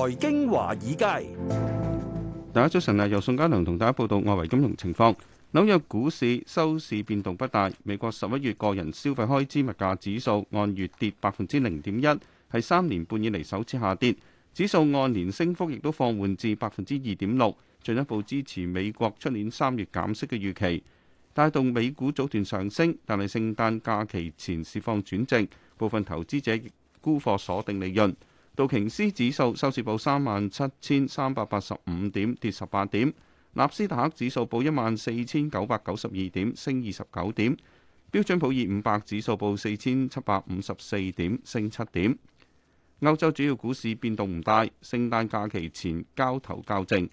財經華爾街，大家早晨啊！由宋家良同大家報道外圍金融情況。紐約股市收市變動不大，美國十一月個人消費開支物價指數按月跌百分之零點一，係三年半以嚟首次下跌。指數按年升幅亦都放緩至百分之二點六，進一步支持美國出年三月減息嘅預期，帶動美股早段上升。但係聖誕假期前市況轉正，部分投資者沽貨鎖定利潤。道瓊斯指數收市報三萬七千三百八十五點，跌十八點；納斯達克指數報一萬四千九百九十二點，升二十九點；標準普爾五百指數報四千七百五十四點，升七點。歐洲主要股市變動唔大，聖誕假期前交投較靜。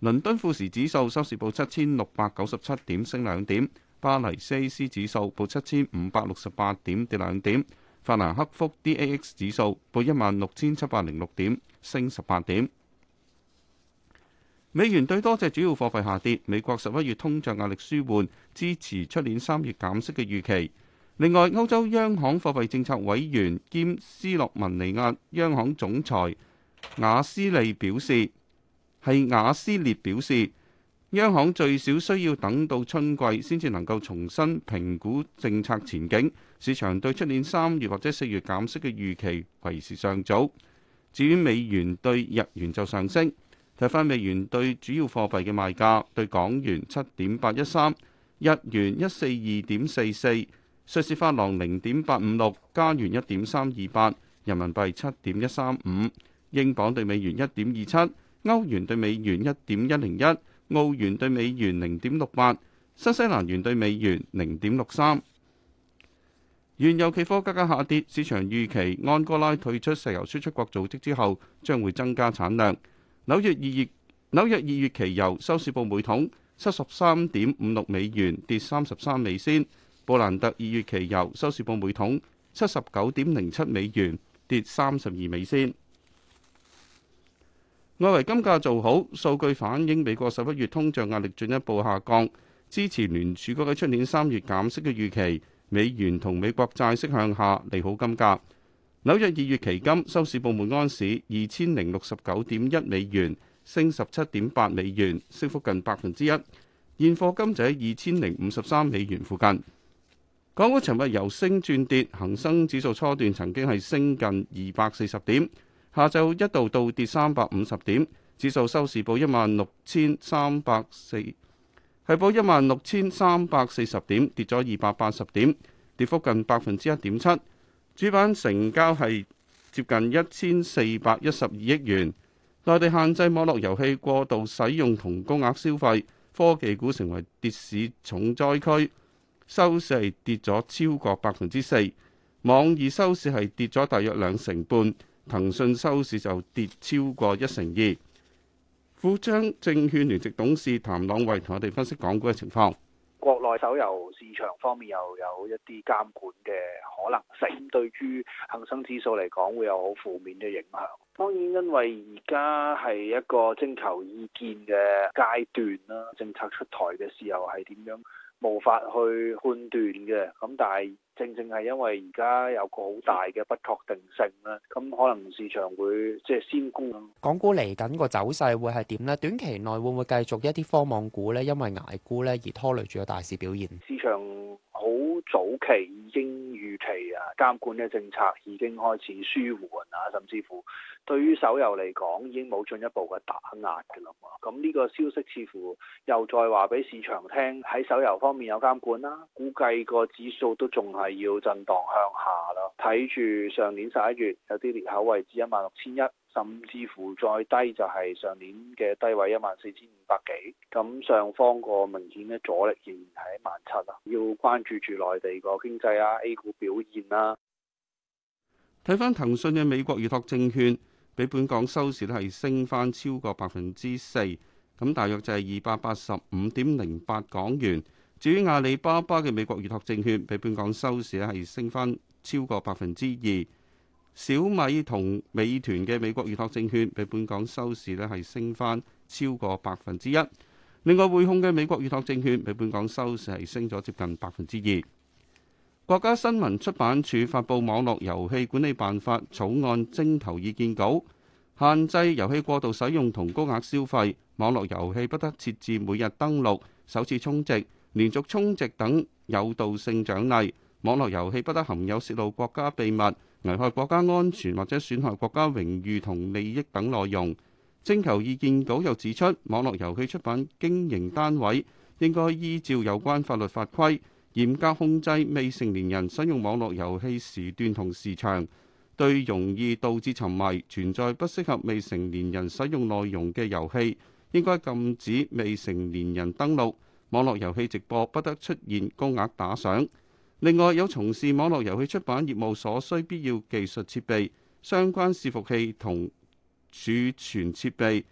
倫敦富時指數收市報七千六百九十七點，升兩點；巴黎 CAC 指數報七千五百六十八點，跌兩點。法蘭克福 DAX 指數報一萬六千七百零六點，升十八點。美元對多隻主要貨幣下跌，美國十一月通脹壓力舒緩，支持出年三月減息嘅預期。另外，歐洲央行貨幣政策委員兼斯洛文尼亞央行總裁瓦斯利表示，係瓦斯列表示。央行最少需要等到春季先至能夠重新評估政策前景，市場對出年三月或者四月減息嘅預期為時尚早。至於美元兌日元就上升，睇翻，美元對主要貨幣嘅賣價：對港元七點八一三，日元一四二點四四，瑞士法郎零點八五六，加元一點三二八，人民幣七點一三五，英鎊對美元一點二七，歐元對美元一點一零一。澳元兌美元零點六八，新西蘭元兌美元零點六三。原油期貨價格下跌，市場預期安哥拉退出石油輸出國組織之後將會增加產量。紐約二月紐約二月期油收市報每桶七十三點五六美元，跌三十三美仙。布蘭特二月期油收市報每桶七十九點零七美元，跌三十二美仙。外圍金價做好，數據反映美國十一月通脹壓力進一步下降，支持聯儲局喺出年三月減息嘅預期。美元同美國債息向下，利好金價。紐約二月期金收市報每安士二千零六十九點一美元，升十七點八美元，升幅近百分之一。現貨金就喺二千零五十三美元附近。港股尋日由升轉跌，恒生指數初段曾經係升近二百四十點。下晝一度倒跌三百五十點，指數收市報一萬六千三百四、係報一萬六千三百四十點，跌咗二百八十點，跌幅近百分之一點七。主板成交係接近一千四百一十二億元。內地限制網絡遊戲過度使用同高額消費，科技股成為跌市重災區，收市跌咗超過百分之四。網易收市係跌咗大約兩成半。騰訊收市就跌超過一成二。富昌證券聯席董事譚朗慧同我哋分析港股嘅情況，國內手遊市場方面又有一啲監管嘅可能性，對於恒生指數嚟講會有好負面嘅影響，當然，因為而家係一個徵求意見嘅階段啦，政策出台嘅時候係點樣。無法去判斷嘅，咁但係正正係因為而家有個好大嘅不確定性啦，咁可能市場會即係先沽。港股嚟緊個走勢會係點呢？短期內會唔會繼續一啲科網股呢？因為捱沽呢，而拖累住個大市表現？市場好早期已經。監管嘅政策已經開始舒緩啊，甚至乎對於手遊嚟講，已經冇進一步嘅打壓嘅啦。咁呢個消息似乎又再話俾市場聽，喺手遊方面有監管啦。估計個指數都仲係要震盪向下啦。睇住上年十一月有啲裂口位置一萬六千一。甚至乎再低就係上年嘅低位一萬四千五百幾，咁上方個明顯嘅阻力仍然係一萬七啦。要關注住內地個經濟啊，A 股表現啦、啊。睇翻騰訊嘅美國預託證券，比本港收市咧係升翻超過百分之四，咁大約就係二百八十五點零八港元。至於阿里巴巴嘅美國預託證券，比本港收市咧係升翻超過百分之二。小米同美團嘅美國預託證券，比本港收市咧係升翻超過百分之一。另外，匯控嘅美國預託證券比本港收市係升咗接近百分之二。國家新聞出版署發布網絡遊戲管理辦法草案徵求意見稿，限制遊戲過度使用同高額消費。網絡遊戲不得設置每日登錄、首次充值、連續充值等誘導性獎勵。網絡遊戲不得含有洩露國家秘密，危害國家安全或者損害國家榮譽同利益等內容。徵求意見稿又指出，網絡遊戲出版經營單位應該依照有關法律法規，嚴格控制未成年人使用網絡遊戲時段同時長，對容易導致沉迷、存在不適合未成年人使用內容嘅遊戲應該禁止未成年人登錄。網絡遊戲直播不得出現高額打賞。另外，有從事網絡遊戲出版業務所需必要技術設備、相關伺服器同儲存設備，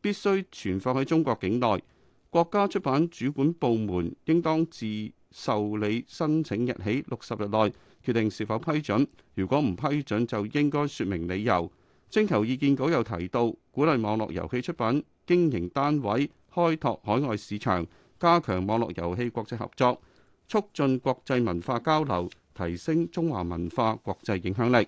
必須存放喺中國境內。國家出版主管部門應當自受理申請日起六十日內決定是否批准。如果唔批准，就應該說明理由。徵求意見稿又提到，鼓勵網絡遊戲出版經營單位開拓海外市場，加強網絡遊戲國際合作，促進國際文化交流，提升中華文化國際影響力。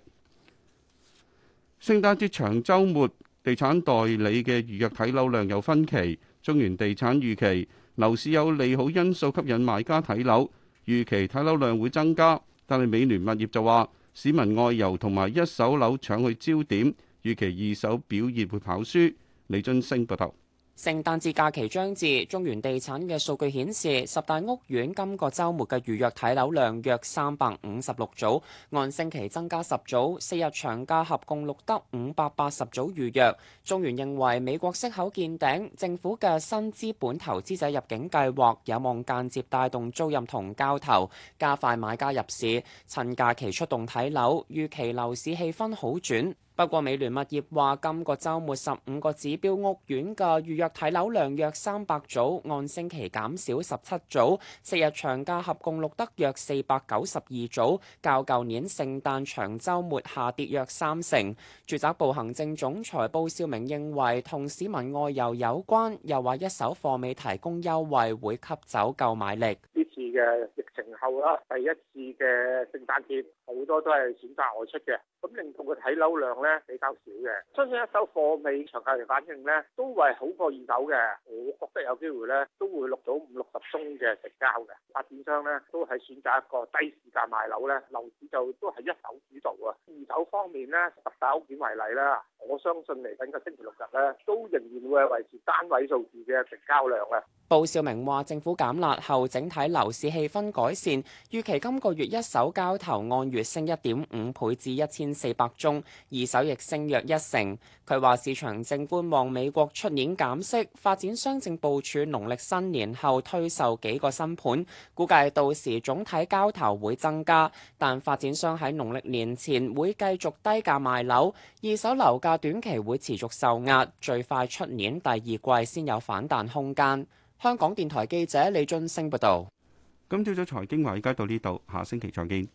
聖誕節長週末，地產代理嘅預約睇樓量有分歧。中原地產預期樓市有利好因素吸引買家睇樓，預期睇樓量會增加。但係美聯物業就話市民外遊同埋一手樓搶去焦點，預期二手表現會跑輸。李津星報道。聖誕節假期將至，中原地產嘅數據顯示，十大屋苑今個周末嘅預約睇樓量約三百五十六組，按星期增加十組。四日長假合共錄得五百八十組預約。中原認為美國息口見頂，政府嘅新資本投資者入境計劃有望間接帶動租賃同交投，加快買家入市，趁假期出動睇樓，預期樓市氣氛好轉。不過，美聯物業話：今個週末十五個指標屋苑嘅預約睇樓量約三百組，按星期減少十七組。四日長假合共錄得約四百九十二組，較舊年聖誕長週末下跌約三成。住宅部行政總裁布少明認為，同市民外遊有關，又話一手貨未提供優惠，會吸走購買力。嘅疫情後啦，第一次嘅聖誕節，好多都係選擇外出嘅，咁令到佢睇樓量咧比較少嘅。相信一手貨尾成交量反應咧都係好過二手嘅，我覺得有機會咧都會錄到五六十宗嘅成交嘅。發展商咧都係選擇一個低市價賣樓咧，樓市就都係一手主導啊。二手方面咧，十大屋苑為例啦。我相信嚟緊個星期六日咧，都仍然會係維持單位數字嘅成交量嘅。報少明話，政府減辣後，整體樓市氣氛改善，預期今個月一手交投按月升一點五倍至一千四百宗，二手亦升約一成。佢話市場正觀望美國出年減息，發展商正部署農曆新年後推售幾個新盤，估計到時總體交投會增加，但發展商喺農曆年前會繼續低價賣樓，二手樓價，短期會持續受壓，最快出年第二季先有反彈空間。香港電台記者李俊升報道。今朝早財經華爾街到呢度，下星期再見。